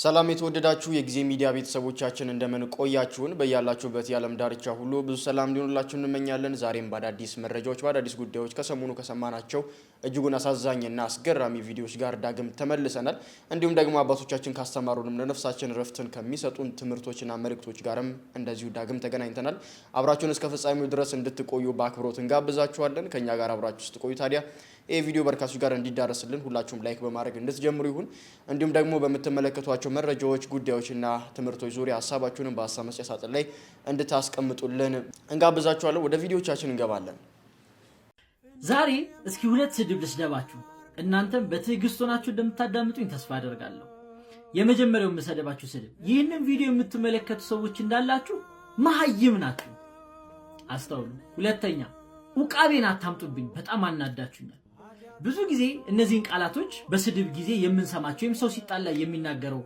ሰላም የተወደዳችሁ የጊዜ ሚዲያ ቤተሰቦቻችን እንደምን ቆያችሁን? በያላችሁበት የዓለም ዳርቻ ሁሉ ብዙ ሰላም እንዲሆንላችሁ እንመኛለን። ዛሬም በአዳዲስ መረጃዎች በአዳዲስ ጉዳዮች ከሰሞኑ ከሰማናቸው እጅጉን አሳዛኝና አስገራሚ ቪዲዮዎች ጋር ዳግም ተመልሰናል። እንዲሁም ደግሞ አባቶቻችን ካስተማሩንም ለነፍሳችን ረፍትን ከሚሰጡን ትምህርቶችና መልእክቶች ጋርም እንደዚሁ ዳግም ተገናኝተናል። አብራችሁን እስከ ፍጻሜው ድረስ እንድትቆዩ በአክብሮት እንጋብዛችኋለን። ከእኛ ጋር አብራችሁ ስትቆዩ ታዲያ ይህ ቪዲዮ በርካቶች ጋር እንዲዳረስልን ሁላችሁም ላይክ በማድረግ እንድትጀምሩ ይሁን። እንዲሁም ደግሞ በምትመለከቷቸው መረጃዎች፣ ጉዳዮችና ትምህርቶች ዙሪያ ሀሳባችሁንም በሀሳብ መስጫ ሳጥን ላይ እንድታስቀምጡልን እንጋብዛችኋለን። ወደ ቪዲዮቻችን እንገባለን። ዛሬ እስኪ ሁለት ስድብ ልስደባችሁ። እናንተም በትዕግስት ሆናችሁ እንደምታዳምጡኝ ተስፋ አደርጋለሁ። የመጀመሪያው የምሰደባችሁ ስድብ ይህንን ቪዲዮ የምትመለከቱ ሰዎች እንዳላችሁ መሀይም ናችሁ፣ አስተውሉ። ሁለተኛ ውቃቤን አታምጡብኝ፣ በጣም አናዳችሁኛል። ብዙ ጊዜ እነዚህን ቃላቶች በስድብ ጊዜ የምንሰማቸው ወይም ሰው ሲጣላ የሚናገረው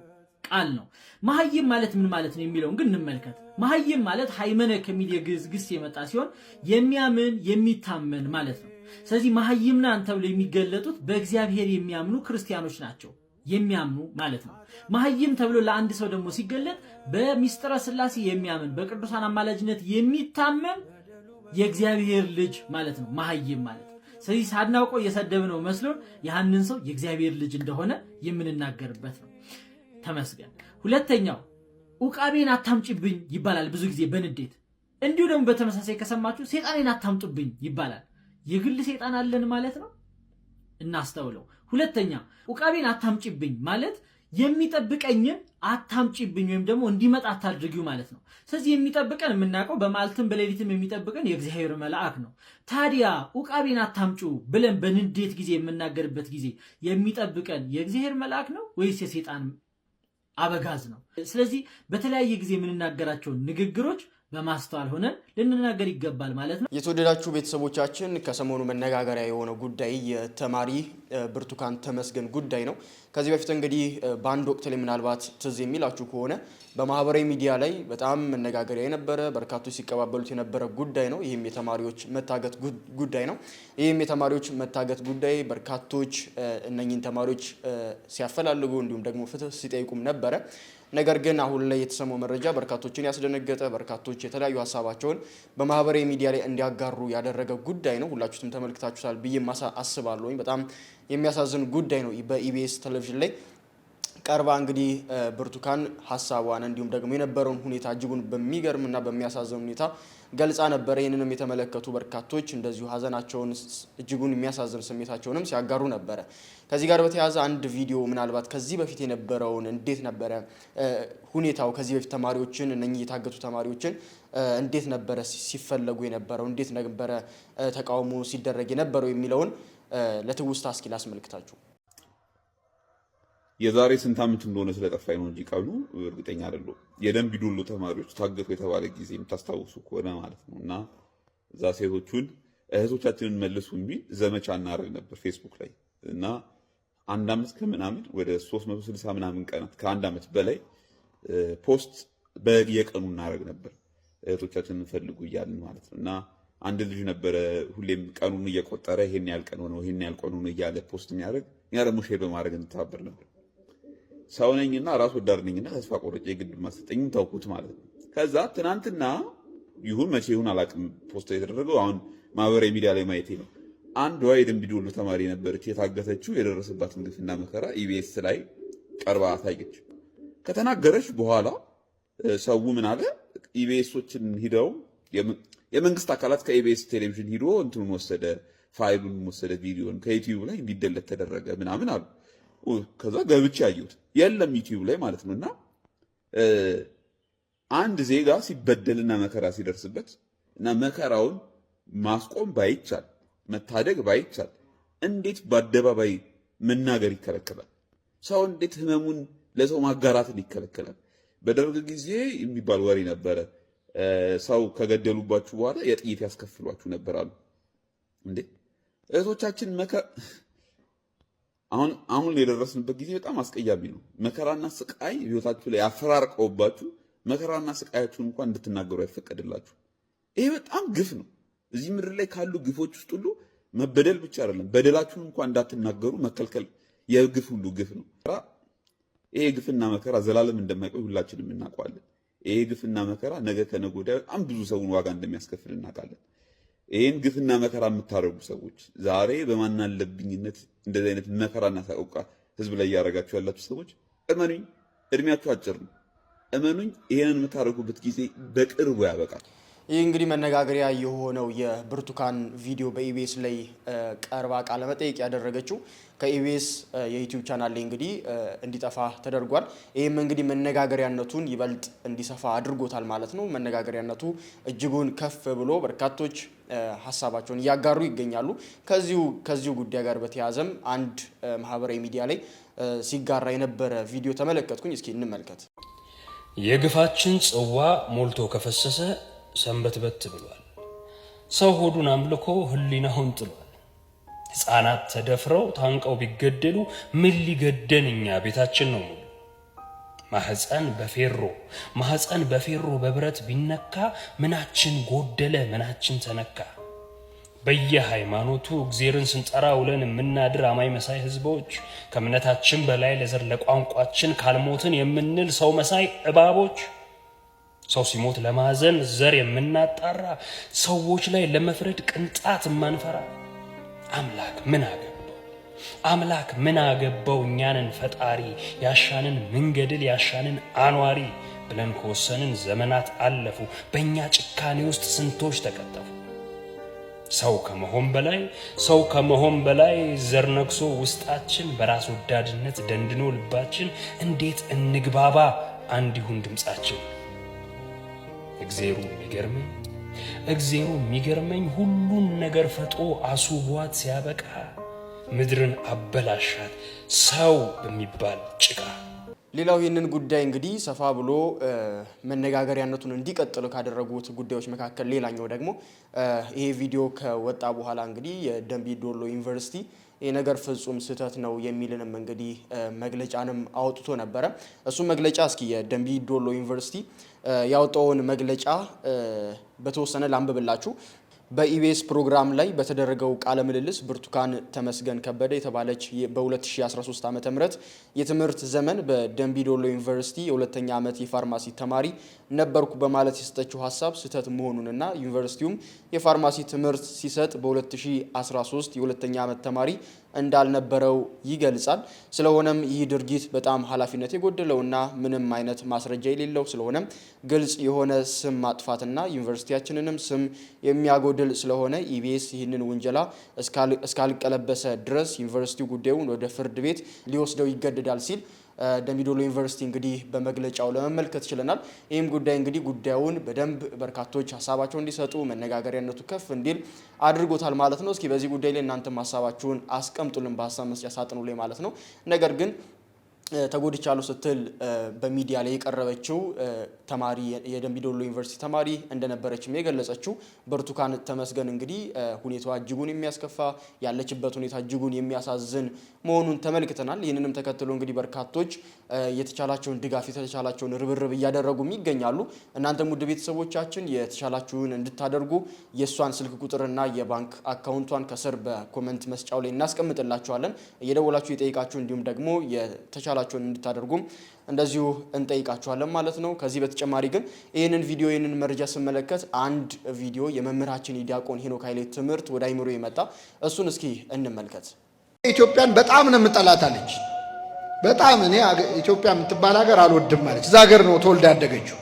ቃል ነው። መሀይም ማለት ምን ማለት ነው የሚለውን ግን እንመልከት። መሀይም ማለት ሃይመነ ከሚል የግዕዝ ግስ የመጣ ሲሆን የሚያምን የሚታመን ማለት ነው። ስለዚህ መሐይም ተብሎ የሚገለጡት በእግዚአብሔር የሚያምኑ ክርስቲያኖች ናቸው። የሚያምኑ ማለት ነው። መሐይም ተብሎ ለአንድ ሰው ደግሞ ሲገለጥ በሚስጥረ ስላሴ የሚያምን በቅዱሳን አማላጅነት የሚታመም የእግዚአብሔር ልጅ ማለት ነው። መሐይም ማለት ስለዚህ ሳናውቀው እየሰደብነው መስሎን ያንን ሰው የእግዚአብሔር ልጅ እንደሆነ የምንናገርበት ነው። ተመስገን። ሁለተኛው ዑቃቤን አታምጭብኝ ይባላል ብዙ ጊዜ በንዴት እንዲሁ ደግሞ በተመሳሳይ ከሰማችሁ ሴጣኔን አታምጡብኝ ይባላል። የግል ሰይጣን አለን ማለት ነው። እናስተውለው። ሁለተኛ ውቃቤን አታምጪብኝ ማለት የሚጠብቀኝን አታምጪብኝ ወይም ደግሞ እንዲመጣ አታድርጊው ማለት ነው። ስለዚህ የሚጠብቀን የምናውቀው በማልትም በሌሊትም የሚጠብቀን የእግዚአብሔር መልአክ ነው። ታዲያ ውቃቤን አታምጩ ብለን በንዴት ጊዜ የምናገርበት ጊዜ የሚጠብቀን የእግዚአብሔር መልአክ ነው ወይስ የሰይጣን አበጋዝ ነው? ስለዚህ በተለያየ ጊዜ የምንናገራቸውን ንግግሮች በማስተዋል ሆነን ልንናገር ይገባል ማለት ነው። የተወደዳችሁ ቤተሰቦቻችን ከሰሞኑ መነጋገሪያ የሆነ ጉዳይ የተማሪ ብርቱካን ተመስገን ጉዳይ ነው። ከዚህ በፊት እንግዲህ በአንድ ወቅት ላይ ምናልባት ትዝ የሚላችሁ ከሆነ በማህበራዊ ሚዲያ ላይ በጣም መነጋገሪያ የነበረ በርካቶች ሲቀባበሉት የነበረ ጉዳይ ነው። ይህም የተማሪዎች መታገት ጉዳይ ነው። ይህም የተማሪዎች መታገት ጉዳይ በርካቶች እነኝን ተማሪዎች ሲያፈላልጉ እንዲሁም ደግሞ ፍትህ ሲጠይቁም ነበረ። ነገር ግን አሁን ላይ የተሰማው መረጃ በርካቶችን ያስደነገጠ፣ በርካቶች የተለያዩ ሀሳባቸውን በማህበራዊ ሚዲያ ላይ እንዲያጋሩ ያደረገ ጉዳይ ነው። ሁላችሁም ተመልክታችሁታል ብዬ አስባለሁ። በጣም የሚያሳዝን ጉዳይ ነው በኢቢኤስ ቴሌቪዥን ላይ ቀርባ እንግዲህ ብርቱካን ሀሳቧን እንዲሁም ደግሞ የነበረውን ሁኔታ እጅጉን በሚገርም እና በሚያሳዝን ሁኔታ ገልጻ ነበረ። ይህንንም የተመለከቱ በርካቶች እንደዚሁ ሀዘናቸውን እጅጉን የሚያሳዝን ስሜታቸውንም ሲያጋሩ ነበረ። ከዚህ ጋር በተያያዘ አንድ ቪዲዮ ምናልባት ከዚህ በፊት የነበረውን እንዴት ነበረ ሁኔታው ከዚህ በፊት ተማሪዎችን እነኚህ የታገቱ ተማሪዎችን እንዴት ነበረ ሲፈለጉ የነበረው እንዴት ነበረ ተቃውሞ ሲደረግ የነበረው የሚለውን ለትውስታ እስኪ ላስመልክታችሁ። የዛሬ ስንት ዓመት እንደሆነ ስለጠፋኝ ነው እንጂ ቀኑ እርግጠኛ አይደለሁም። የደንቢ ዶሎ ተማሪዎች ታገቱ የተባለ ጊዜ የምታስታውሱ ከሆነ ማለት ነው እና እዛ ሴቶቹን እህቶቻችንን መልሱ የሚል ዘመቻ እናደርግ ነበር ፌስቡክ ላይ እና አንድ ዓመት ከምናምን ወደ 360 ምናምን ቀናት ከአንድ ዓመት በላይ ፖስት በየቀኑ እናደርግ ነበር እህቶቻችንን ፈልጉ እያልን ማለት ነው እና አንድ ልጅ ነበረ ሁሌም ቀኑን እየቆጠረ ይሄን ያህል ቀን ሆነው ይሄን ያህል ቀን ሆነው እያለ ፖስት የሚያደርግ እኛ ደግሞ ሼር በማድረግ እንተባበር ነበር። ሰው ነኝና ራስ ወዳድ ነኝና ተስፋ ቆርጬ የግድ ማሰጠኝም ተውኩት ማለት ነው። ከዛ ትናንትና ይሁን መቼ ይሁን አላቅም ፖስታ የተደረገው አሁን ማህበራዊ ሚዲያ ላይ ማየቴ ነው። አንዷ የደምቢ ዶሎ ተማሪ ነበረች። የታገተችው የደረሰባትን ግፍና መከራ ኢቢኤስ ላይ ቀርባ አሳየች። ከተናገረች በኋላ ሰው ምን አለ? ኢቢኤሶችን ሂደው የመንግስት አካላት ከኢቢኤስ ቴሌቪዥን ሂዶ እንትኑን ወሰደ፣ ፋይሉን ወሰደ፣ ቪዲዮን ከዩቲዩብ ላይ እንዲደለት ተደረገ ምናምን አሉ። ከዛ ገብቼ ያየሁት የለም ዩቲዩብ ላይ ማለት ነው። እና አንድ ዜጋ ሲበደልና መከራ ሲደርስበት እና መከራውን ማስቆም ባይቻል መታደግ ባይቻል እንዴት በአደባባይ መናገር ይከለከላል? ሰው እንዴት ህመሙን ለሰው ማጋራትን ይከለከላል? በደርግ ጊዜ የሚባል ወሬ ነበረ። ሰው ከገደሉባችሁ በኋላ የጥይት ያስከፍሏችሁ ነበር አሉ። እንዴ እህቶቻችን አሁን አሁን የደረስንበት ጊዜ በጣም አስቀያሚ ነው። መከራና ስቃይ ህይወታችሁ ላይ አፈራርቀውባችሁ መከራና ስቃያችሁን እንኳን እንድትናገሩ አይፈቀድላችሁ። ይሄ በጣም ግፍ ነው። እዚህ ምድር ላይ ካሉ ግፎች ውስጥ ሁሉ መበደል ብቻ አይደለም፣ በደላችሁን እንኳን እንዳትናገሩ መከልከል የግፍ ሁሉ ግፍ ነው። ይሄ ግፍና መከራ ዘላለም እንደማይቆይ ሁላችንም እናውቀዋለን። ይሄ ግፍና መከራ ነገ ከነገ ወዲያ በጣም ብዙ ሰውን ዋጋ እንደሚያስከፍል እናውቃለን። ይህን ግፍና መከራ የምታደርጉ ሰዎች ዛሬ በማናለብኝነት እንደዚህ አይነት መከራና ሰቆቃ ህዝብ ላይ እያደረጋችሁ ያላችሁ ሰዎች እመኑኝ፣ እድሜያችሁ አጭር ነው። እመኑኝ፣ ይህንን የምታደርጉበት ጊዜ በቅርቡ ያበቃል። ይህ እንግዲህ መነጋገሪያ የሆነው የብርቱካን ቪዲዮ በኢቢኤስ ላይ ቀርባ ቃለ ያደረገችው ከኢቢኤስ የዩቲዩብ ቻናል ላይ እንግዲህ እንዲጠፋ ተደርጓል። ይህም እንግዲህ መነጋገሪያነቱን ይበልጥ እንዲሰፋ አድርጎታል ማለት ነው። መነጋገሪያነቱ እጅጉን ከፍ ብሎ በርካቶች ሀሳባቸውን እያጋሩ ይገኛሉ። ከዚሁ ከዚሁ ጉዳይ ጋር በተያያዘም አንድ ማህበራዊ ሚዲያ ላይ ሲጋራ የነበረ ቪዲዮ ተመለከትኩኝ። እስኪ እንመልከት። የግፋችን ጽዋ ሞልቶ ከፈሰሰ ሰንበት በት ብሏል። ሰው ሆዱን አምልኮ ህሊናውን ጥሏል። ህፃናት ተደፍረው ታንቀው ቢገደሉ ምን ሊገደን እኛ ቤታችን ነው። ማህፀን በፌሮ ማህፀን በፌሮ በብረት ቢነካ ምናችን ጎደለ? ምናችን ተነካ? በየሃይማኖቱ እግዜርን ስንጠራ ውለን የምናድር አማኝ መሳይ ህዝቦች ከእምነታችን በላይ ለዘር ለቋንቋችን ካልሞትን የምንል ሰው መሳይ እባቦች ሰው ሲሞት ለማዘን ዘር የምናጣራ ሰዎች ላይ ለመፍረድ ቅንጣት የማንፈራ አምላክ ምን አገባው? አምላክ ምን አገባው? እኛንን ፈጣሪ ያሻንን ምንገድል ያሻንን አኗሪ ብለን ከወሰንን ዘመናት አለፉ። በእኛ ጭካኔ ውስጥ ስንቶች ተቀጠፉ። ሰው ከመሆን በላይ ሰው ከመሆን በላይ ዘር ነግሶ ውስጣችን በራስ ወዳድነት ደንድኖ ልባችን እንዴት እንግባባ አንድ ይሁን ድምፃችን። እግዜሩ የሚገርመኝ እግዚኦ የሚገርመኝ ሁሉን ነገር ፈጥሮ አስውቧት ሲያበቃ ምድርን አበላሻት ሰው በሚባል ጭቃ። ሌላው ይህንን ጉዳይ እንግዲህ ሰፋ ብሎ መነጋገሪያነቱን እንዲቀጥል ካደረጉት ጉዳዮች መካከል ሌላኛው ደግሞ ይሄ ቪዲዮ ከወጣ በኋላ እንግዲህ የደንቢ ዶሎ ዩኒቨርሲቲ ይህ ነገር ፍጹም ስህተት ነው የሚልንም እንግዲህ መግለጫንም አውጥቶ ነበረ። እሱ መግለጫ እስኪ የደንቢ ዶሎ ዩኒቨርሲቲ ያወጣውን መግለጫ በተወሰነ ላንብብላችሁ። በኢቢኤስ ፕሮግራም ላይ በተደረገው ቃለ ምልልስ ብርቱካን ተመስገን ከበደ የተባለች በ2013 ዓ ም የትምህርት ዘመን በደንቢዶሎ ዩኒቨርሲቲ የሁለተኛ ዓመት የፋርማሲ ተማሪ ነበርኩ በማለት የሰጠችው ሀሳብ ስህተት መሆኑንና ዩኒቨርሲቲውም የፋርማሲ ትምህርት ሲሰጥ በ2013 የሁለተኛ ዓመት ተማሪ እንዳልነበረው ይገልጻል። ስለሆነም ይህ ድርጊት በጣም ኃላፊነት የጎደለውና ምንም አይነት ማስረጃ የሌለው ስለሆነም ግልጽ የሆነ ስም ማጥፋትና ዩኒቨርሲቲያችንንም ስም የሚያጎድል ስለሆነ ኢቢኤስ ይህንን ውንጀላ እስካልቀለበሰ ድረስ ዩኒቨርሲቲው ጉዳዩን ወደ ፍርድ ቤት ሊወስደው ይገደዳል ሲል ደሚዶሎ ዩኒቨርሲቲ እንግዲህ በመግለጫው ለመመልከት ችለናል። ይህም ጉዳይ እንግዲህ ጉዳዩን በደንብ በርካቶች ሀሳባቸው እንዲሰጡ መነጋገሪያነቱ ከፍ እንዲል አድርጎታል ማለት ነው። እስኪ በዚህ ጉዳይ ላይ እናንተም ሀሳባችሁን አስቀምጡልን በሀሳብ መስጫ ሳጥኑ ላይ ማለት ነው። ነገር ግን ተጎድቻለሁ ስትል በሚዲያ ላይ የቀረበችው ተማሪ የደምቢዶሎ ዩኒቨርሲቲ ተማሪ እንደነበረችም የገለጸችው ብርቱካን ተመስገን እንግዲህ ሁኔታዋ እጅጉን የሚያስከፋ ያለችበት ሁኔታ እጅጉን የሚያሳዝን መሆኑን ተመልክተናል። ይህንንም ተከትሎ እንግዲህ በርካቶች የተቻላቸውን ድጋፍ የተቻላቸውን ርብርብ እያደረጉም ይገኛሉ። እናንተም ውድ ቤተሰቦቻችን የተቻላችሁን እንድታደርጉ የእሷን ስልክ ቁጥርና የባንክ አካውንቷን ከስር በኮመንት መስጫው ላይ እናስቀምጥላችኋለን። እየደወላችሁ የጠይቃችሁ እንዲሁም ደግሞ የተቻላችሁን እንድታደርጉም እንደዚሁ እንጠይቃችኋለን ማለት ነው። ከዚህ በተጨማሪ ግን ይህንን ቪዲዮ ይህንን መረጃ ስመለከት አንድ ቪዲዮ የመምህራችን የዲያቆን ሄኖክ ኃይሌ ትምህርት ወደ አይምሮ የመጣ እሱን እስኪ እንመልከት። ኢትዮጵያን በጣም ነው የምጠላታለች። በጣም እኔ ኢትዮጵያ የምትባል ሀገር አልወድም ማለች። እዛ ሀገር ነው ተወልዳ ያደገችው።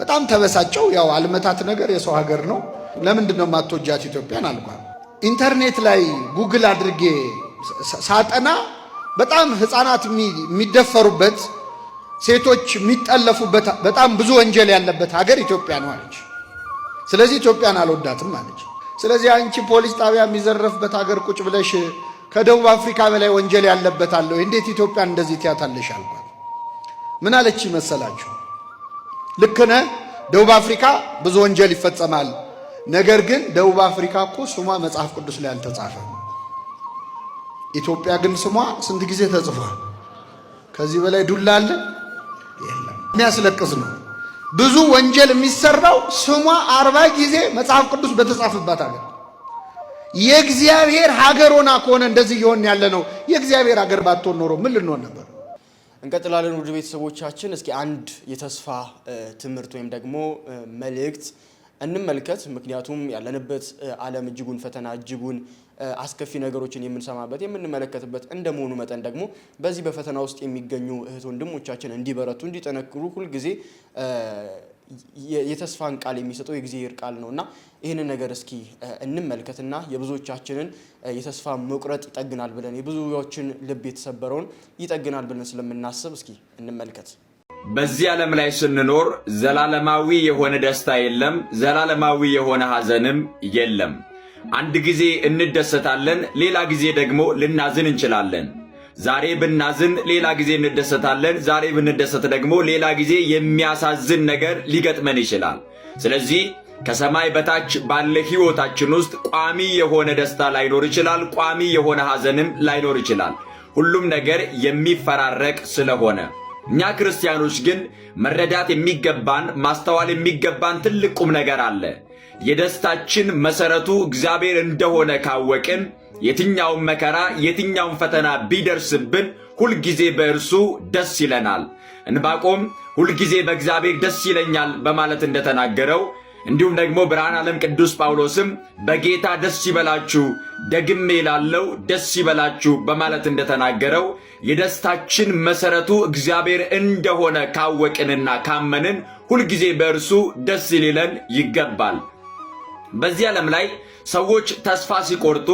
በጣም ተበሳጨው። ያው አልመታት ነገር የሰው ሀገር ነው። ለምንድን ነው የማትወጃት ኢትዮጵያን አልኳ። ኢንተርኔት ላይ ጉግል አድርጌ ሳጠና በጣም ህፃናት የሚደፈሩበት ሴቶች የሚጠለፉበት በጣም ብዙ ወንጀል ያለበት ሀገር ኢትዮጵያ ነው አለች። ስለዚህ ኢትዮጵያን አልወዳትም አለች። ስለዚህ አንቺ ፖሊስ ጣቢያ የሚዘረፍበት ሀገር ቁጭ ብለሽ ከደቡብ አፍሪካ በላይ ወንጀል ያለበት አለው እንዴት ኢትዮጵያ እንደዚህ ትያታለሽ? አልኳት። ምን አለች ይመሰላችሁ? ልክ ነህ፣ ደቡብ አፍሪካ ብዙ ወንጀል ይፈጸማል። ነገር ግን ደቡብ አፍሪካ እኮ ስሟ መጽሐፍ ቅዱስ ላይ አልተጻፈም። ኢትዮጵያ ግን ስሟ ስንት ጊዜ ተጽፏል? ከዚህ በላይ ዱላ አለ? የለም። የሚያስለቅስ ነው። ብዙ ወንጀል የሚሰራው ስሟ አርባ ጊዜ መጽሐፍ ቅዱስ በተጻፈባት አገር የእግዚአብሔር ሀገር ሆና ከሆነ እንደዚህ እየሆን ያለ ነው። የእግዚአብሔር ሀገር ባትሆን ኖሮ ምን ልንሆን ነበር? እንቀጥላለን። ውድ ቤተሰቦቻችን እስኪ አንድ የተስፋ ትምህርት ወይም ደግሞ መልእክት እንመልከት። ምክንያቱም ያለንበት ዓለም እጅጉን ፈተና እጅጉን አስከፊ ነገሮችን የምንሰማበት የምንመለከትበት እንደመሆኑ መጠን ደግሞ በዚህ በፈተና ውስጥ የሚገኙ እህት ወንድሞቻችን እንዲበረቱ እንዲጠነክሩ ሁልጊዜ የተስፋን ቃል የሚሰጠው የእግዚአብሔር ቃል ነው እና ይህንን ነገር እስኪ እንመልከትና የብዙዎቻችንን የተስፋ መቁረጥ ይጠግናል ብለን የብዙዎችን ልብ የተሰበረውን ይጠግናል ብለን ስለምናስብ እስኪ እንመልከት። በዚህ ዓለም ላይ ስንኖር ዘላለማዊ የሆነ ደስታ የለም፣ ዘላለማዊ የሆነ ሐዘንም የለም። አንድ ጊዜ እንደሰታለን፣ ሌላ ጊዜ ደግሞ ልናዝን እንችላለን። ዛሬ ብናዝን ሌላ ጊዜ እንደሰታለን፣ ዛሬ ብንደሰት ደግሞ ሌላ ጊዜ የሚያሳዝን ነገር ሊገጥመን ይችላል። ስለዚህ ከሰማይ በታች ባለ ሕይወታችን ውስጥ ቋሚ የሆነ ደስታ ላይኖር ይችላል፣ ቋሚ የሆነ ሐዘንም ላይኖር ይችላል። ሁሉም ነገር የሚፈራረቅ ስለሆነ እኛ ክርስቲያኖች ግን መረዳት የሚገባን ማስተዋል የሚገባን ትልቅ ቁም ነገር አለ። የደስታችን መሰረቱ እግዚአብሔር እንደሆነ ካወቅን የትኛውን መከራ የትኛውን ፈተና ቢደርስብን ሁልጊዜ በእርሱ ደስ ይለናል። እንባቆም ሁልጊዜ በእግዚአብሔር ደስ ይለኛል በማለት እንደተናገረው እንዲሁም ደግሞ ብርሃን ዓለም ቅዱስ ጳውሎስም በጌታ ደስ ይበላችሁ፣ ደግሜ ላለው ደስ ይበላችሁ በማለት እንደተናገረው የደስታችን መሰረቱ እግዚአብሔር እንደሆነ ካወቅንና ካመንን ሁልጊዜ በእርሱ ደስ ሊለን ይገባል። በዚህ ዓለም ላይ ሰዎች ተስፋ ሲቆርጡ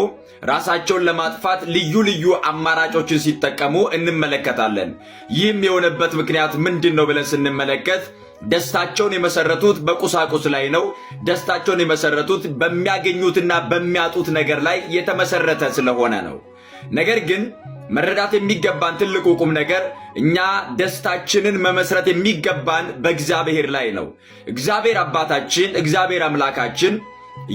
ራሳቸውን ለማጥፋት ልዩ ልዩ አማራጮችን ሲጠቀሙ እንመለከታለን። ይህም የሆነበት ምክንያት ምንድን ነው ብለን ስንመለከት ደስታቸውን የመሰረቱት በቁሳቁስ ላይ ነው። ደስታቸውን የመሰረቱት በሚያገኙትና በሚያጡት ነገር ላይ የተመሰረተ ስለሆነ ነው። ነገር ግን መረዳት የሚገባን ትልቁ ቁም ነገር እኛ ደስታችንን መመስረት የሚገባን በእግዚአብሔር ላይ ነው። እግዚአብሔር አባታችን፣ እግዚአብሔር አምላካችን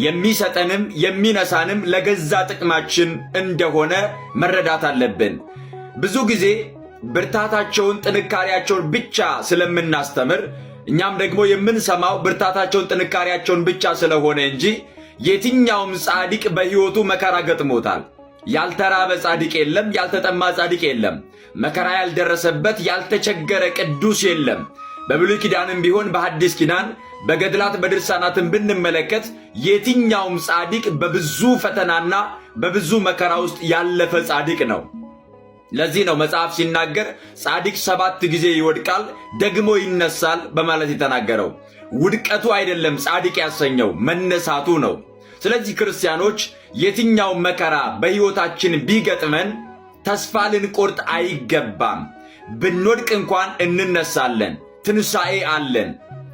የሚሰጠንም የሚነሳንም ለገዛ ጥቅማችን እንደሆነ መረዳት አለብን። ብዙ ጊዜ ብርታታቸውን ጥንካሬያቸውን ብቻ ስለምናስተምር እኛም ደግሞ የምንሰማው ብርታታቸውን፣ ጥንካሬያቸውን ብቻ ስለሆነ እንጂ የትኛውም ጻድቅ በሕይወቱ መከራ ገጥሞታል። ያልተራበ ጻድቅ የለም፣ ያልተጠማ ጻድቅ የለም፣ መከራ ያልደረሰበት ያልተቸገረ ቅዱስ የለም። በብሉይ ኪዳንም ቢሆን በሐዲስ ኪዳን በገድላት በድርሳናትም ብንመለከት የትኛውም ጻድቅ በብዙ ፈተናና በብዙ መከራ ውስጥ ያለፈ ጻድቅ ነው። ለዚህ ነው መጽሐፍ ሲናገር ጻድቅ ሰባት ጊዜ ይወድቃል ደግሞ ይነሳል በማለት የተናገረው። ውድቀቱ አይደለም ጻድቅ ያሰኘው መነሳቱ ነው። ስለዚህ ክርስቲያኖች የትኛው መከራ በሕይወታችን ቢገጥመን ተስፋ ልንቆርጥ አይገባም። ብንወድቅ እንኳን እንነሳለን። ትንሣኤ አለን።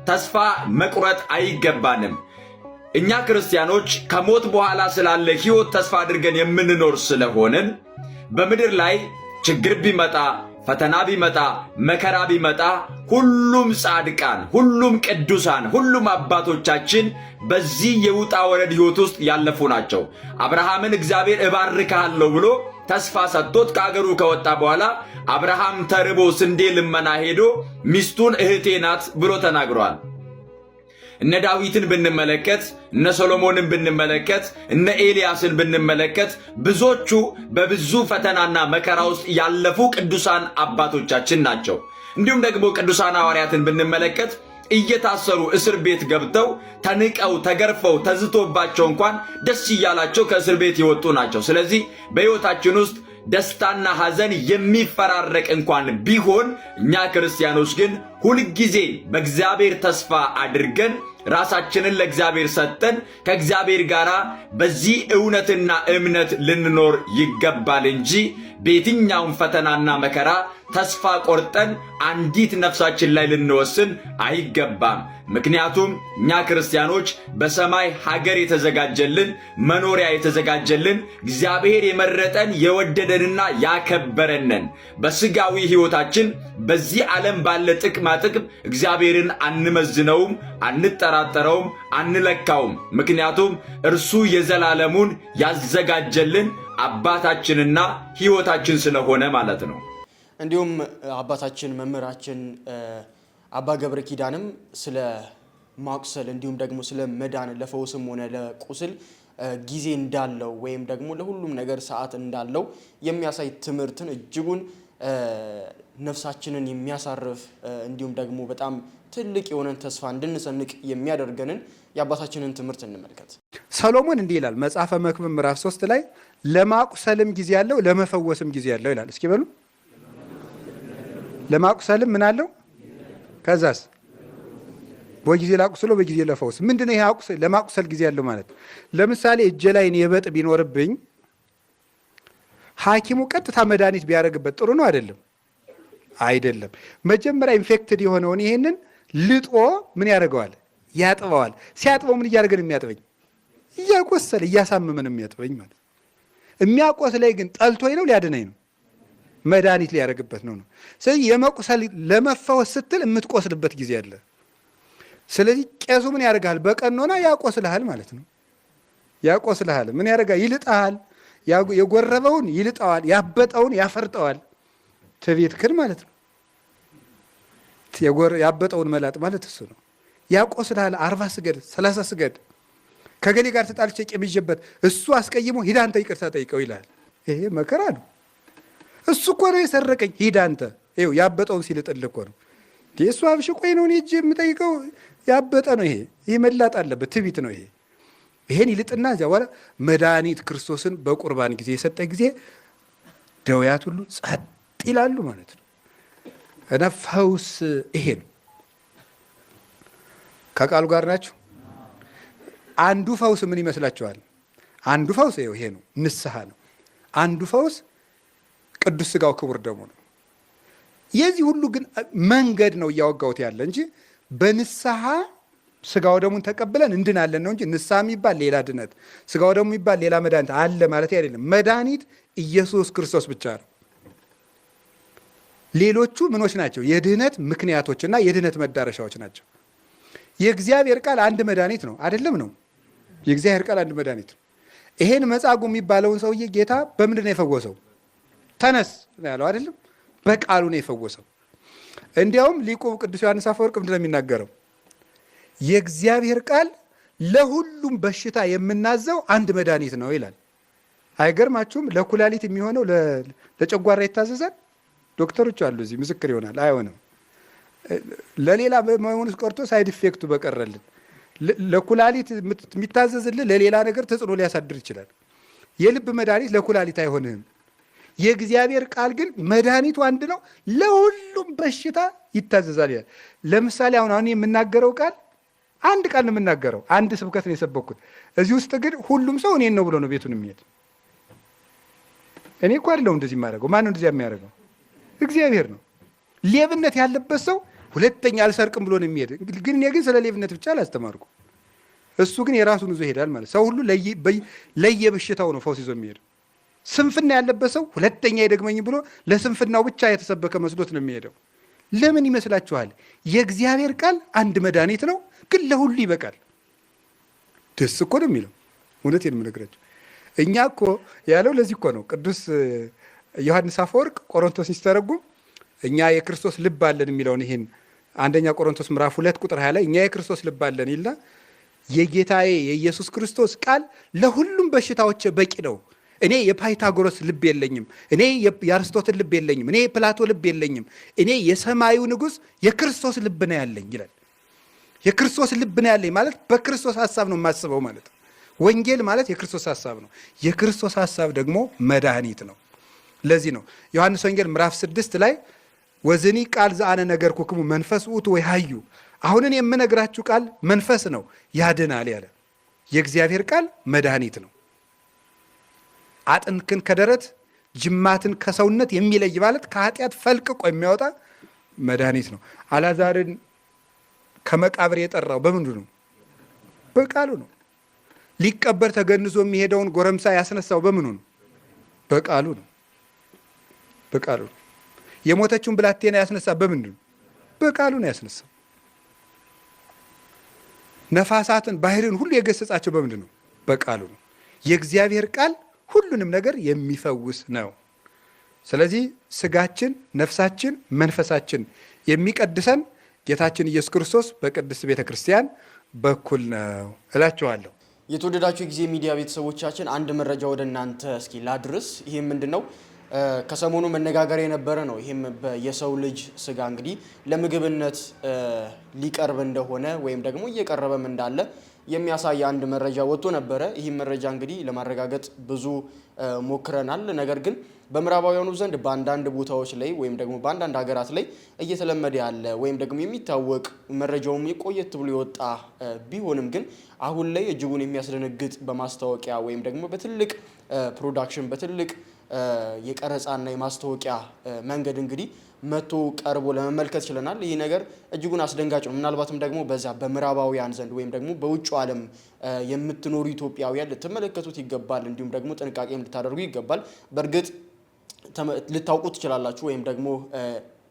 ተስፋ መቁረጥ አይገባንም። እኛ ክርስቲያኖች ከሞት በኋላ ስላለ ሕይወት ተስፋ አድርገን የምንኖር ስለሆንን በምድር ላይ ችግር ቢመጣ ፈተና ቢመጣ መከራ ቢመጣ ሁሉም ጻድቃን፣ ሁሉም ቅዱሳን፣ ሁሉም አባቶቻችን በዚህ የውጣ ወረድ ሕይወት ውስጥ ያለፉ ናቸው። አብርሃምን እግዚአብሔር እባርካለሁ ብሎ ተስፋ ሰጥቶት ከአገሩ ከወጣ በኋላ አብርሃም ተርቦ ስንዴ ልመና ሄዶ ሚስቱን እህቴ ናት ብሎ ተናግሯል። እነ ዳዊትን ብንመለከት፣ እነ ሰሎሞንን ብንመለከት፣ እነ ኤልያስን ብንመለከት ብዙዎቹ በብዙ ፈተናና መከራ ውስጥ ያለፉ ቅዱሳን አባቶቻችን ናቸው። እንዲሁም ደግሞ ቅዱሳን ሐዋርያትን ብንመለከት እየታሰሩ እስር ቤት ገብተው ተንቀው ተገርፈው ተዝቶባቸው እንኳን ደስ እያላቸው ከእስር ቤት የወጡ ናቸው። ስለዚህ በሕይወታችን ውስጥ ደስታና ሐዘን የሚፈራረቅ እንኳን ቢሆን እኛ ክርስቲያኖች ግን ሁልጊዜ በእግዚአብሔር ተስፋ አድርገን ራሳችንን ለእግዚአብሔር ሰጠን ከእግዚአብሔር ጋር በዚህ እውነትና እምነት ልንኖር ይገባል እንጂ በየትኛውም ፈተናና መከራ ተስፋ ቆርጠን አንዲት ነፍሳችን ላይ ልንወስን አይገባም። ምክንያቱም እኛ ክርስቲያኖች በሰማይ ሀገር የተዘጋጀልን መኖሪያ የተዘጋጀልን እግዚአብሔር የመረጠን የወደደንና ያከበረንን በስጋዊ ሕይወታችን በዚህ ዓለም ባለ ጥቅማ ጥቅም እግዚአብሔርን አንመዝነውም፣ አንጠራጠረውም፣ አንለካውም። ምክንያቱም እርሱ የዘላለሙን ያዘጋጀልን አባታችንና ሕይወታችን ስለሆነ ማለት ነው። እንዲሁም አባታችን መምህራችን አባ ገብረ ኪዳንም ስለ ማቁሰል እንዲሁም ደግሞ ስለ መዳን ለፈውስም ሆነ ለቁስል ጊዜ እንዳለው ወይም ደግሞ ለሁሉም ነገር ሰዓት እንዳለው የሚያሳይ ትምህርትን እጅጉን ነፍሳችንን የሚያሳርፍ እንዲሁም ደግሞ በጣም ትልቅ የሆነን ተስፋ እንድንሰንቅ የሚያደርገንን የአባታችንን ትምህርት እንመልከት። ሰሎሞን እንዲህ ይላል መጽሐፈ መክብብ ምዕራፍ ሶስት ላይ ለማቁሰልም ጊዜ ያለው ለመፈወስም ጊዜ ያለው ይላል። እስኪ በሉ ለማቁሰልም ምን አለው ከዛስ በጊዜ ላቁስሎ በጊዜ ለፈውስ ምንድነው? ይሄ አቁስል ለማቁሰል ጊዜ ያለው ማለት ለምሳሌ እጄ ላይ የበጥ ቢኖርብኝ ሐኪሙ ቀጥታ መድኃኒት ቢያደርግበት ጥሩ ነው አይደለም? አይደለም። መጀመሪያ ኢንፌክትድ የሆነውን ይሄንን ልጦ ምን ያደርገዋል? ያጥበዋል። ሲያጥበው ምን እያደረገ የሚያጥበኝ? እያቆሰለ እያሳመመ ነው የሚያጥበኝ ማለት። የሚያቆስለኝ ግን ጠልቶኝ ነው ሊያድነኝ ነው መድኃኒት ሊያደርግበት ነው ነው። ስለዚህ የመቁሰል ለመፈወስ ስትል የምትቆስልበት ጊዜ አለ። ስለዚህ ቄሱ ምን ያደርግሃል? በቀኖና ያቆስልሃል ማለት ነው። ያቆስልሃል። ምን ያደርጋል? ይልጠሃል። የጎረበውን ይልጠዋል፣ ያበጠውን ያፈርጠዋል። ትቤት ክን ማለት ነው። ያበጠውን መላጥ ማለት እሱ ነው። ያቆስልሃል። አርባ ስገድ፣ ሰላሳ ስገድ ከገሌ ጋር ተጣልቼ ቄምዤበት እሱ አስቀይሞ ሂድ አንተ ይቅርታ ጠይቀው ይላል ይሄ መከራ ነው። እሱ እኮ ነው የሰረቀኝ። ሂድ አንተ ይኸው ያበጠውን ሲልጥል እኮ ነው እሱ አብሽቆኝ ነው እኔ እጅ የምጠይቀው። ያበጠ ነው ይሄ። ይህ መላጥ አለበት፣ ትቢት ነው ይሄ። ይሄን ይልጥና እዚያ በኋላ መድኃኒት ክርስቶስን በቁርባን ጊዜ የሰጠ ጊዜ ደውያት ሁሉ ጸጥ ይላሉ ማለት ነው። እና ፈውስ ይሄ ነው። ከቃሉ ጋር ናችሁ። አንዱ ፈውስ ምን ይመስላችኋል? አንዱ ፈውስ ይሄ ነው፣ ንስሐ ነው። አንዱ ፈውስ ቅዱስ ስጋው ክቡር ደሙ ነው። የዚህ ሁሉ ግን መንገድ ነው እያወጋሁት ያለ እንጂ በንስሐ ስጋው ደሙን ተቀብለን እንድናለን ነው እንጂ ንስሐ የሚባል ሌላ ድነት፣ ስጋው ደሙ የሚባል ሌላ መድኃኒት አለ ማለት አይደለም። መድኃኒት ኢየሱስ ክርስቶስ ብቻ ነው። ሌሎቹ ምኖች ናቸው? የድህነት ምክንያቶችና የድህነት መዳረሻዎች ናቸው። የእግዚአብሔር ቃል አንድ መድኃኒት ነው አይደለም? ነው የእግዚአብሔር ቃል አንድ መድኃኒት ነው። ይሄን መጻጉዕ የሚባለውን ሰውዬ ጌታ በምንድን ነው የፈወሰው? ተነስ ያለው አይደለም፣ በቃሉ ነው የፈወሰው። እንዲያውም ሊቁ ቅዱስ ዮሐንስ አፈወርቅ ምንድን ነው የሚናገረው? የእግዚአብሔር ቃል ለሁሉም በሽታ የምናዘው አንድ መድኃኒት ነው ይላል። አይገርማችሁም? ለኩላሊት የሚሆነው ለጨጓራ ይታዘዛል። ዶክተሮች አሉ እዚህ ምስክር ይሆናል። አይሆንም። ለሌላ በመሆኑስ ቀርቶ ሳይድ ኢፌክቱ በቀረልን ለኩላሊት የሚታዘዝልን ለሌላ ነገር ተጽዕኖ ሊያሳድር ይችላል። የልብ መድኃኒት ለኩላሊት አይሆንህም። የእግዚአብሔር ቃል ግን መድኃኒቱ አንድ ነው፣ ለሁሉም በሽታ ይታዘዛል ይላል። ለምሳሌ አሁን አሁን የምናገረው ቃል አንድ ቃል ነው የምናገረው፣ አንድ ስብከት ነው የሰበኩት። እዚህ ውስጥ ግን ሁሉም ሰው እኔን ነው ብሎ ነው ቤቱን የሚሄድ። እኔ እኮ አይደለሁም እንደዚህ የማደርገው። ነው እንደዚህ የሚያደርገው? እግዚአብሔር ነው። ሌብነት ያለበት ሰው ሁለተኛ አልሰርቅም ብሎ ነው የሚሄድ። ግን እኔ ግን ስለ ሌብነት ብቻ አላስተማርኩ። እሱ ግን የራሱን ይዞ ይሄዳል ማለት ሰው ሁሉ ለየበሽታው ነው ፈውስ ይዞ የሚሄድ ስንፍና ያለበት ሰው ሁለተኛ አይደግመኝም ብሎ ለስንፍናው ብቻ የተሰበከ መስሎት ነው የሚሄደው። ለምን ይመስላችኋል? የእግዚአብሔር ቃል አንድ መድኃኒት ነው፣ ግን ለሁሉ ይበቃል። ደስ እኮ ነው የሚለው። እውነት የምነግራቸው እኛ እኮ ያለው ለዚህ እኮ ነው። ቅዱስ ዮሐንስ አፈወርቅ ቆሮንቶስ ሲተረጉም እኛ የክርስቶስ ልብ አለን የሚለውን ይህን አንደኛ ቆሮንቶስ ምዕራፍ ሁለት ቁጥር ሀያ ላይ እኛ የክርስቶስ ልብ አለን ይልና የጌታዬ የኢየሱስ ክርስቶስ ቃል ለሁሉም በሽታዎች በቂ ነው እኔ የፓይታጎረስ ልብ የለኝም። እኔ የአርስቶትል ልብ የለኝም። እኔ የፕላቶ ልብ የለኝም። እኔ የሰማዩ ንጉሥ የክርስቶስ ልብ ነው ያለኝ ይላል። የክርስቶስ ልብ ነው ያለኝ ማለት በክርስቶስ ሀሳብ ነው የማስበው ማለት ነው። ወንጌል ማለት የክርስቶስ ሀሳብ ነው። የክርስቶስ ሀሳብ ደግሞ መድኃኒት ነው። ለዚህ ነው ዮሐንስ ወንጌል ምዕራፍ ስድስት ላይ ወዝኒ ቃል ዘአነ ነገር ኩክሙ መንፈስ ውእቱ ወይ ሀዩ አሁንን የምነግራችሁ ቃል መንፈስ ነው ያድናል ያለ የእግዚአብሔር ቃል መድኃኒት ነው። አጥንክን ከደረት ጅማትን ከሰውነት የሚለይ ማለት ከኃጢአት ፈልቅቆ የሚያወጣ መድኃኒት ነው። አላዛርን ከመቃብር የጠራው በምንዱ ነው? በቃሉ ነው። ሊቀበር ተገንዞ የሚሄደውን ጎረምሳ ያስነሳው በምኑ ነው? በቃሉ ነው። በቃሉ ነው። የሞተችውን ብላቴና ያስነሳ በምንድ ነው? በቃሉ ነው ያስነሳው። ነፋሳትን ባህርን ሁሉ የገሰጻቸው በምንድ ነው? በቃሉ ነው። የእግዚአብሔር ቃል ሁሉንም ነገር የሚፈውስ ነው። ስለዚህ ስጋችን፣ ነፍሳችን፣ መንፈሳችን የሚቀድሰን ጌታችን ኢየሱስ ክርስቶስ በቅድስት ቤተ ክርስቲያን በኩል ነው እላችኋለሁ። የተወደዳችሁ ጊዜ ሚዲያ ቤተሰቦቻችን አንድ መረጃ ወደ እናንተ እስኪ ላድርስ። ይህም ምንድን ነው? ከሰሞኑ መነጋገር የነበረ ነው። ይህም የሰው ልጅ ስጋ እንግዲህ ለምግብነት ሊቀርብ እንደሆነ ወይም ደግሞ እየቀረበም እንዳለ የሚያሳይ አንድ መረጃ ወጥቶ ነበረ። ይህም መረጃ እንግዲህ ለማረጋገጥ ብዙ ሞክረናል። ነገር ግን በምዕራባውያኑ ዘንድ በአንዳንድ ቦታዎች ላይ ወይም ደግሞ በአንዳንድ ሀገራት ላይ እየተለመደ ያለ ወይም ደግሞ የሚታወቅ መረጃውም የቆየት ብሎ የወጣ ቢሆንም ግን አሁን ላይ እጅጉን የሚያስደነግጥ በማስታወቂያ ወይም ደግሞ በትልቅ ፕሮዳክሽን በትልቅ የቀረጻና የማስታወቂያ መንገድ እንግዲህ መቶ ቀርቦ ለመመልከት ችለናል። ይህ ነገር እጅጉን አስደንጋጭ ነው። ምናልባትም ደግሞ በዛ በምዕራባውያን ዘንድ ወይም ደግሞ በውጭ ዓለም የምትኖሩ ኢትዮጵያውያን ልትመለከቱት ይገባል፣ እንዲሁም ደግሞ ጥንቃቄም ልታደርጉ ይገባል። በእርግጥ ልታውቁት ትችላላችሁ ወይም ደግሞ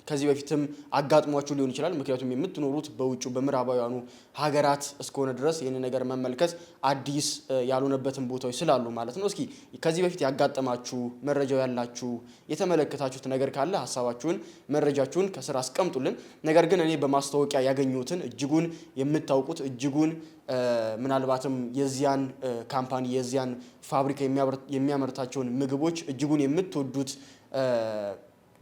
ከዚህ በፊትም አጋጥሟችሁ ሊሆን ይችላል። ምክንያቱም የምትኖሩት በውጭ በምዕራባውያኑ ሀገራት እስከሆነ ድረስ ይህን ነገር መመልከት አዲስ ያልሆነበትን ቦታዎች ስላሉ ማለት ነው። እስኪ ከዚህ በፊት ያጋጠማችሁ መረጃው ያላችሁ የተመለከታችሁት ነገር ካለ ሀሳባችሁን፣ መረጃችሁን ከስር አስቀምጡልን። ነገር ግን እኔ በማስታወቂያ ያገኙትን እጅጉን የምታውቁት እጅጉን ምናልባትም የዚያን ካምፓኒ የዚያን ፋብሪካ የሚያመርታቸውን ምግቦች እጅጉን የምትወዱት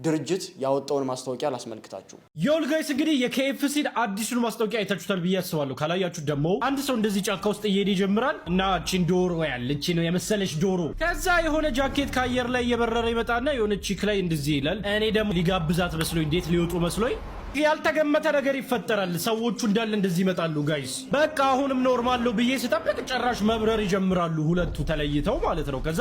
ድርጅት ያወጣውን ማስታወቂያ ላስመልክታችሁ። ዮል ጋይስ እንግዲህ የኬኤፍሲን አዲሱን ማስታወቂያ አይታችሁታል ብዬ አስባለሁ። ካላያችሁ ደግሞ አንድ ሰው እንደዚህ ጫካ ውስጥ እየሄደ ይጀምራል እና ቺን ዶሮ ያለች ነው የመሰለች ዶሮ፣ ከዛ የሆነ ጃኬት ከአየር ላይ እየበረረ ይመጣና የሆነ ቺክ ላይ እንደዚህ ይላል። እኔ ደግሞ ሊጋብዛት መስሎኝ እንዴት ሊወጡ መስሎኝ ያልተገመተ ነገር ይፈጠራል። ሰዎቹ እንዳለ እንደዚህ ይመጣሉ ጋይስ። በቃ አሁንም ኖርማል ነው ብዬ ስጠብቅ ጭራሽ መብረር ይጀምራሉ ሁለቱ ተለይተው ማለት ነው ከዛ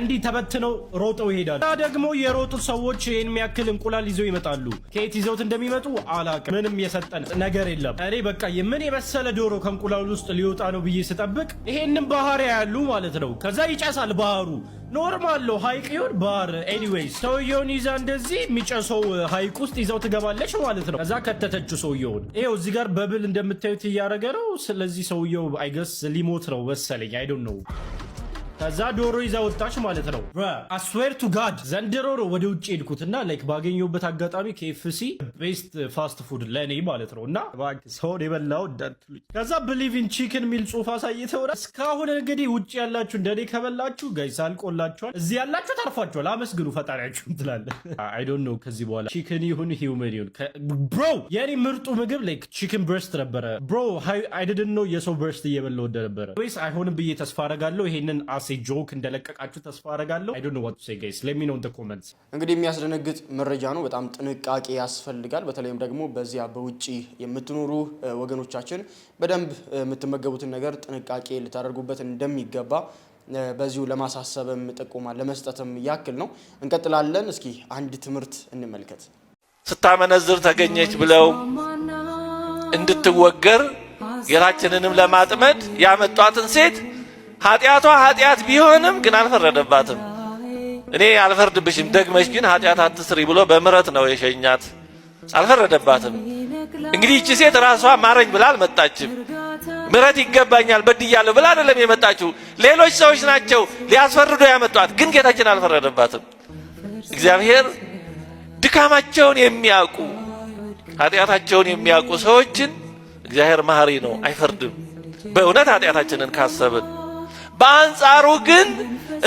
እንዲህ ተበትነው ሮጠው ይሄዳሉ። እና ደግሞ የሮጡት ሰዎች ይህን የሚያክል እንቁላል ይዘው ይመጣሉ። ከየት ይዘውት እንደሚመጡ አላቅም። ምንም የሰጠን ነገር የለም። እኔ በቃ የምን የበሰለ ዶሮ ከእንቁላሉ ውስጥ ሊወጣ ነው ብዬ ስጠብቅ ይሄንን ባህር ያሉ ማለት ነው። ከዛ ይጨሳል ባህሩ ኖርማል ነው። ሀይቅ ይሁን ባህር፣ ኤኒዌይስ ሰውየውን ይዛ እንደዚህ የሚጨሰው ሀይቅ ውስጥ ይዘው ትገባለች ማለት ነው። ከዛ ከተተችው ሰውየውን ይኸው እዚህ ጋር በብል እንደምታዩት እያደረገ ነው። ስለዚህ ሰውየው አይገስ ሊሞት ነው መሰለኝ አይዶን ነው ከዛ ዶሮ ይዛ ወጣች ማለት ነው። አስዌር ቱ ጋድ ዘንድሮ ነው ወደ ውጭ ሄድኩትና ላይክ ባገኘሁበት አጋጣሚ ኬኤፍሲ ቤስት ፋስት ፉድ ለእኔ ማለት ነው እና ሰውን የበላው እንዳትሉኝ። ከዛ ብሊቪን ቺክን የሚል ጽሁፍ አሳይተውና እስካሁን እንግዲህ ውጭ ያላችሁ እንደኔ ከበላችሁ ጋይስ አልቆላችኋል፣ እዚህ ያላችሁ ታርፋችኋል፣ አመስግኑ ፈጣሪያችሁም ትላለ። አይ ዶንት ኖ ከዚህ በኋላ ቺክን ይሁን ሂውመን ይሁን ብሮ የኔ ምርጡ ምግብ ላይክ ቺክን ብርስት ነበረ ብሮ አይደድን ነው የሰው ብርስት እየበለው እንደነበረ ወይስ አይሆንም ብዬ ተስፋ አረጋለሁ ይሄንን ሴት ጆክ እንደለቀቃችሁ ተስፋ አደርጋለሁ። አይ ዋት ጋይስ ሌት ነው ኖ ኮመንት። እንግዲህ የሚያስደነግጥ መረጃ ነው። በጣም ጥንቃቄ ያስፈልጋል። በተለይም ደግሞ በዚያ በውጪ የምትኖሩ ወገኖቻችን በደንብ የምትመገቡትን ነገር ጥንቃቄ ልታደርጉበት እንደሚገባ በዚሁ ለማሳሰብም ጥቆማ ለመስጠትም ያክል ነው። እንቀጥላለን። እስኪ አንድ ትምህርት እንመልከት። ስታመነዝር ተገኘች ብለው እንድትወገር ጌታችንንም ለማጥመድ ያመጧትን ሴት ኃጢአቷ ኃጢአት ቢሆንም ግን አልፈረደባትም። እኔ አልፈርድብሽም፣ ደግመሽ ግን ኃጢአት አትስሪ ብሎ በምረት ነው የሸኛት። አልፈረደባትም። እንግዲህ ይቺ ሴት ራሷ ማረኝ ብላ አልመጣችም። ምረት ይገባኛል በድያለሁ ብላ አይደለም የመጣችው። ሌሎች ሰዎች ናቸው ሊያስፈርዱ ያመጧት፣ ግን ጌታችን አልፈረደባትም። እግዚአብሔር ድካማቸውን የሚያውቁ ኃጢአታቸውን የሚያውቁ ሰዎችን እግዚአብሔር መሐሪ ነው፣ አይፈርድም። በእውነት ኃጢአታችንን ካሰብን በአንጻሩ ግን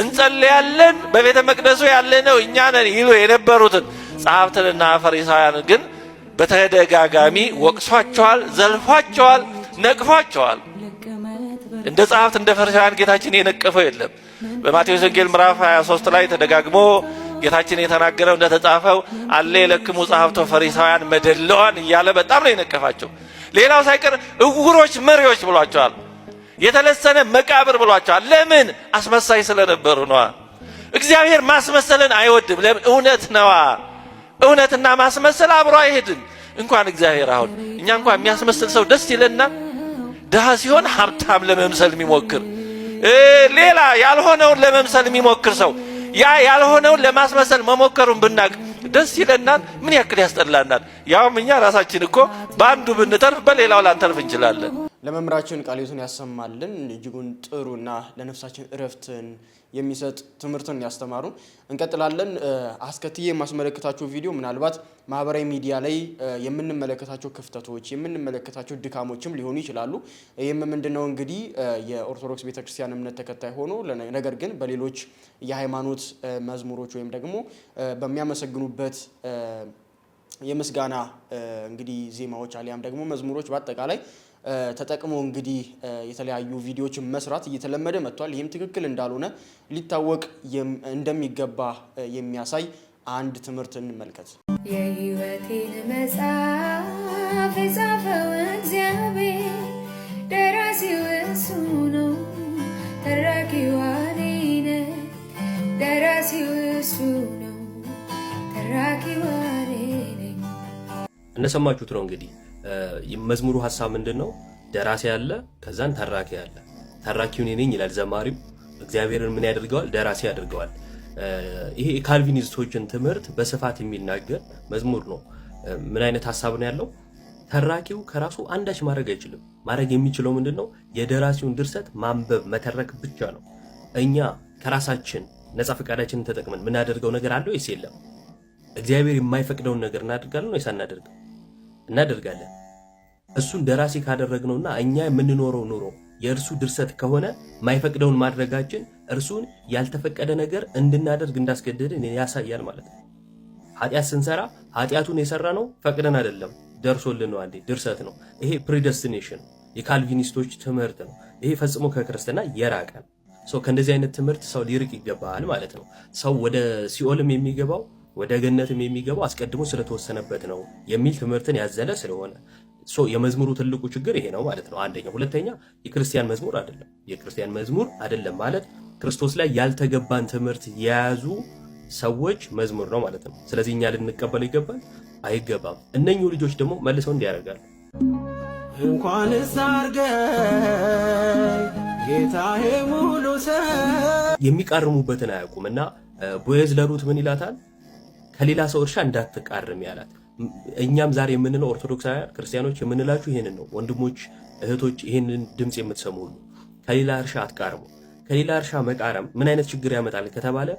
እንጸልያለን በቤተ መቅደሱ ነው እኛ ነን ይሉ የነበሩትን ጸሐፍትንና ፈሪሳውያን ግን በተደጋጋሚ ወቅሷቸዋል፣ ዘልፏቸዋል፣ ነቅፏቸዋል። እንደ ጸሐፍት እንደ ፈሪሳውያን ጌታችን የነቀፈው የለም። በማቴዎስ ወንጌል ምዕራፍ 23 ላይ ተደጋግሞ ጌታችን የተናገረው እንደተጻፈው አለ የለክሙ ጸሐፍቶ ፈሪሳውያን መደለዋን እያለ በጣም ነው የነቀፋቸው። ሌላው ሳይቀር እውሮች መሪዎች ብሏቸዋል። የተለሰነ መቃብር ብሏቸዋል። ለምን? አስመሳይ ስለነበሩ ነዋ። እግዚአብሔር ማስመሰልን አይወድም። ለምን? እውነት ነዋ። እውነትና ማስመሰል አብሮ አይሄድም። እንኳን እግዚአብሔር አሁን እኛ እንኳን የሚያስመስል ሰው ደስ ይለና ድሃ ሲሆን ሀብታም ለመምሰል የሚሞክር ሌላ ያልሆነውን ለመምሰል የሚሞክር ሰው ያ ያልሆነውን ለማስመሰል መሞከሩን ብናቅ ደስ ይለናል። ምን ያክል ያስጠላናል! ያውም እኛ ራሳችን እኮ በአንዱ ብንተርፍ በሌላው ላንተርፍ እንችላለን። ለመምህራችን ቃሉን ያሰማልን። እጅጉን ጥሩና ለነፍሳችን እረፍትን የሚሰጥ ትምህርትን ያስተማሩ። እንቀጥላለን። አስከትዬ የማስመለከታቸው ቪዲዮ ምናልባት ማህበራዊ ሚዲያ ላይ የምንመለከታቸው ክፍተቶች የምንመለከታቸው ድካሞችም ሊሆኑ ይችላሉ። ይህም ምንድነው እንግዲህ የኦርቶዶክስ ቤተክርስቲያን እምነት ተከታይ ሆኖ ነገር ግን በሌሎች የሃይማኖት መዝሙሮች ወይም ደግሞ በሚያመሰግኑበት የምስጋና እንግዲህ ዜማዎች አሊያም ደግሞ መዝሙሮች በአጠቃላይ ተጠቅሞ እንግዲህ የተለያዩ ቪዲዮዎችን መስራት እየተለመደ መጥቷል። ይህም ትክክል እንዳልሆነ ሊታወቅ እንደሚገባ የሚያሳይ አንድ ትምህርት እንመልከት። የህይወቴን መጽሐፍ የጻፈው እግዚአብሔር ደራሲው እሱ ነው፣ ተራኪው እኔ ነኝ። ደራሲው እሱ ነው፣ ተራኪው እኔ ነኝ። እንደሰማችሁት ነው እንግዲህ መዝሙሩ ሀሳብ ምንድን ነው? ደራሲ አለ፣ ከዛን ተራኪ አለ። ተራኪውን ነኝ ይላል ዘማሪው። እግዚአብሔርን ምን ያደርገዋል? ደራሲ ያደርገዋል። ይሄ የካልቪኒስቶችን ትምህርት በስፋት የሚናገር መዝሙር ነው። ምን አይነት ሀሳብ ነው ያለው? ተራኪው ከራሱ አንዳች ማድረግ አይችልም። ማድረግ የሚችለው ምንድን ነው? የደራሲውን ድርሰት ማንበብ መተረክ ብቻ ነው። እኛ ከራሳችን ነፃ ፈቃዳችንን ተጠቅመን የምናደርገው ነገር አለ ወይስ የለም? እግዚአብሔር የማይፈቅደውን ነገር እናደርጋለን ወይስ አናደርግም? እናደርጋለን። እሱን ደራሲ ካደረግነውና እኛ የምንኖረው ኑሮ የእርሱ ድርሰት ከሆነ ማይፈቅደውን ማድረጋችን እርሱን ያልተፈቀደ ነገር እንድናደርግ እንዳስገደድን ያሳያል ማለት ነው። ኃጢአት ስንሰራ ኃጢአቱን የሰራ ነው ፈቅደን አይደለም፣ ደርሶልን ነው። አንዴ ድርሰት ነው ይሄ። ፕሪደስቲኔሽን የካልቪኒስቶች ትምህርት ነው ይሄ። ፈጽሞ ከክርስትና የራቀ ነው። ሰው ከእንደዚህ አይነት ትምህርት ሰው ሊርቅ ይገባል ማለት ነው። ሰው ወደ ሲኦልም የሚገባው ወደ ገነትም የሚገባው አስቀድሞ ስለተወሰነበት ነው የሚል ትምህርትን ያዘለ ስለሆነ የመዝሙሩ ትልቁ ችግር ይሄ ነው ማለት ነው። አንደኛ። ሁለተኛ የክርስቲያን መዝሙር አይደለም። የክርስቲያን መዝሙር አይደለም ማለት ክርስቶስ ላይ ያልተገባን ትምህርት የያዙ ሰዎች መዝሙር ነው ማለት ነው። ስለዚህ እኛ ልንቀበል ይገባል አይገባም። እነኚሁ ልጆች ደግሞ መልሰው እንዲያደርጋል እንኳን ጌታዬ ሙሉ ሰው የሚቃርሙበትን አያውቁም እና ቦዔዝ ለሩት ምን ይላታል? ከሌላ ሰው እርሻ እንዳትቃርም ያላት። እኛም ዛሬ የምንለው ኦርቶዶክሳውያን ክርስቲያኖች የምንላችሁ ይህንን ነው። ወንድሞች እህቶች፣ ይህንን ድምፅ የምትሰሙ ሁሉ ከሌላ እርሻ አትቃርሙ። ከሌላ እርሻ መቃረም ምን አይነት ችግር ያመጣል ከተባለ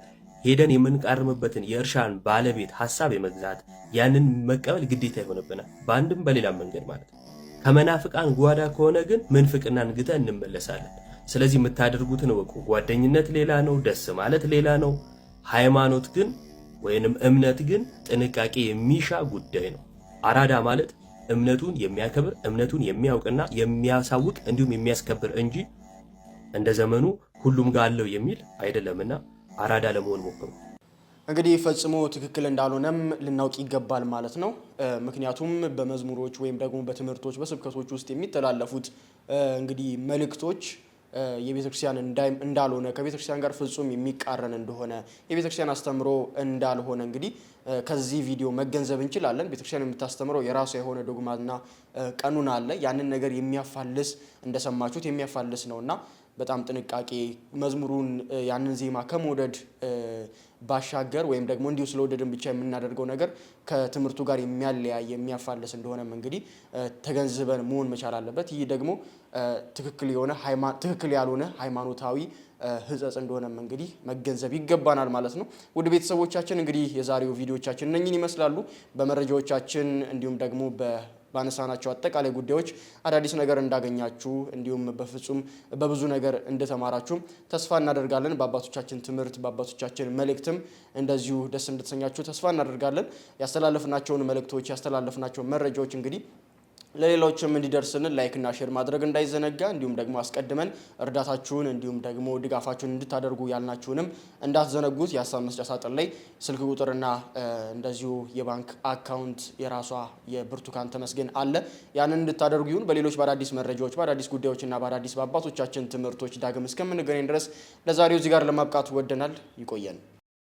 ሄደን የምንቃርምበትን የእርሻን ባለቤት ሀሳብ የመግዛት ያንን መቀበል ግዴታ ይሆንብናል፣ በአንድም በሌላም መንገድ ማለት ነው። ከመናፍቃን ጓዳ ከሆነ ግን ምንፍቅናን ንግተ እንመለሳለን። ስለዚህ የምታደርጉትን እወቁ። ጓደኝነት ሌላ ነው፣ ደስ ማለት ሌላ ነው። ሃይማኖት ግን ወይንም እምነት ግን ጥንቃቄ የሚሻ ጉዳይ ነው። አራዳ ማለት እምነቱን የሚያከብር እምነቱን የሚያውቅና የሚያሳውቅ እንዲሁም የሚያስከብር እንጂ እንደ ዘመኑ ሁሉም ጋር አለው የሚል አይደለምና አራዳ ለመሆን ሞክሩ። እንግዲህ ፈጽሞ ትክክል እንዳልሆነም ልናውቅ ይገባል ማለት ነው። ምክንያቱም በመዝሙሮች ወይም ደግሞ በትምህርቶች በስብከቶች ውስጥ የሚተላለፉት እንግዲህ መልእክቶች የቤተክርስቲያን እንዳልሆነ ከቤተክርስቲያን ጋር ፍጹም የሚቃረን እንደሆነ የቤተክርስቲያን አስተምሮ እንዳልሆነ እንግዲህ ከዚህ ቪዲዮ መገንዘብ እንችላለን። ቤተክርስቲያን የምታስተምረው የራሷ የሆነ ዶግማና ቀኑን አለ። ያንን ነገር የሚያፋልስ እንደሰማችሁት የሚያፋልስ ነው እና በጣም ጥንቃቄ መዝሙሩን ያንን ዜማ ከመውደድ ባሻገር ወይም ደግሞ እንዲሁ ስለወደድን ብቻ የምናደርገው ነገር ከትምህርቱ ጋር የሚያለያይ የሚያፋልስ እንደሆነም እንግዲህ ተገንዝበን መሆን መቻል አለበት። ይህ ደግሞ ትክክል ያልሆነ ሃይማኖታዊ ህጸጽ እንደሆነም እንግዲህ መገንዘብ ይገባናል ማለት ነው። ውድ ቤተሰቦቻችን እንግዲህ የዛሬው ቪዲዮቻችን እነኝን ይመስላሉ። በመረጃዎቻችን እንዲሁም ደግሞ ባነሳናቸው አጠቃላይ ጉዳዮች አዳዲስ ነገር እንዳገኛችሁ እንዲሁም በፍጹም በብዙ ነገር እንደተማራችሁ ተስፋ እናደርጋለን። በአባቶቻችን ትምህርት በአባቶቻችን መልእክትም እንደዚሁ ደስ እንደተሰኛችሁ ተስፋ እናደርጋለን። ያስተላለፍናቸውን መልእክቶች ያስተላለፍናቸውን መረጃዎች እንግዲህ ለሌሎችም እንዲደርስልን ላይክና ሼር ማድረግ እንዳይዘነጋ፣ እንዲሁም ደግሞ አስቀድመን እርዳታችሁን እንዲሁም ደግሞ ድጋፋችሁን እንድታደርጉ ያልናችሁንም እንዳትዘነጉት። የሀሳብ መስጫ ሳጥን ላይ ስልክ ቁጥርና እንደዚሁ የባንክ አካውንት የራሷ የብርቱካን ተመስገን አለ። ያንን እንድታደርጉ ይሁን። በሌሎች በአዳዲስ መረጃዎች፣ በአዳዲስ ጉዳዮችና በአዳዲስ በአባቶቻችን ትምህርቶች ዳግም እስከምንገናኝ ድረስ ለዛሬው እዚህ ጋር ለማብቃት ወደናል። ይቆየን።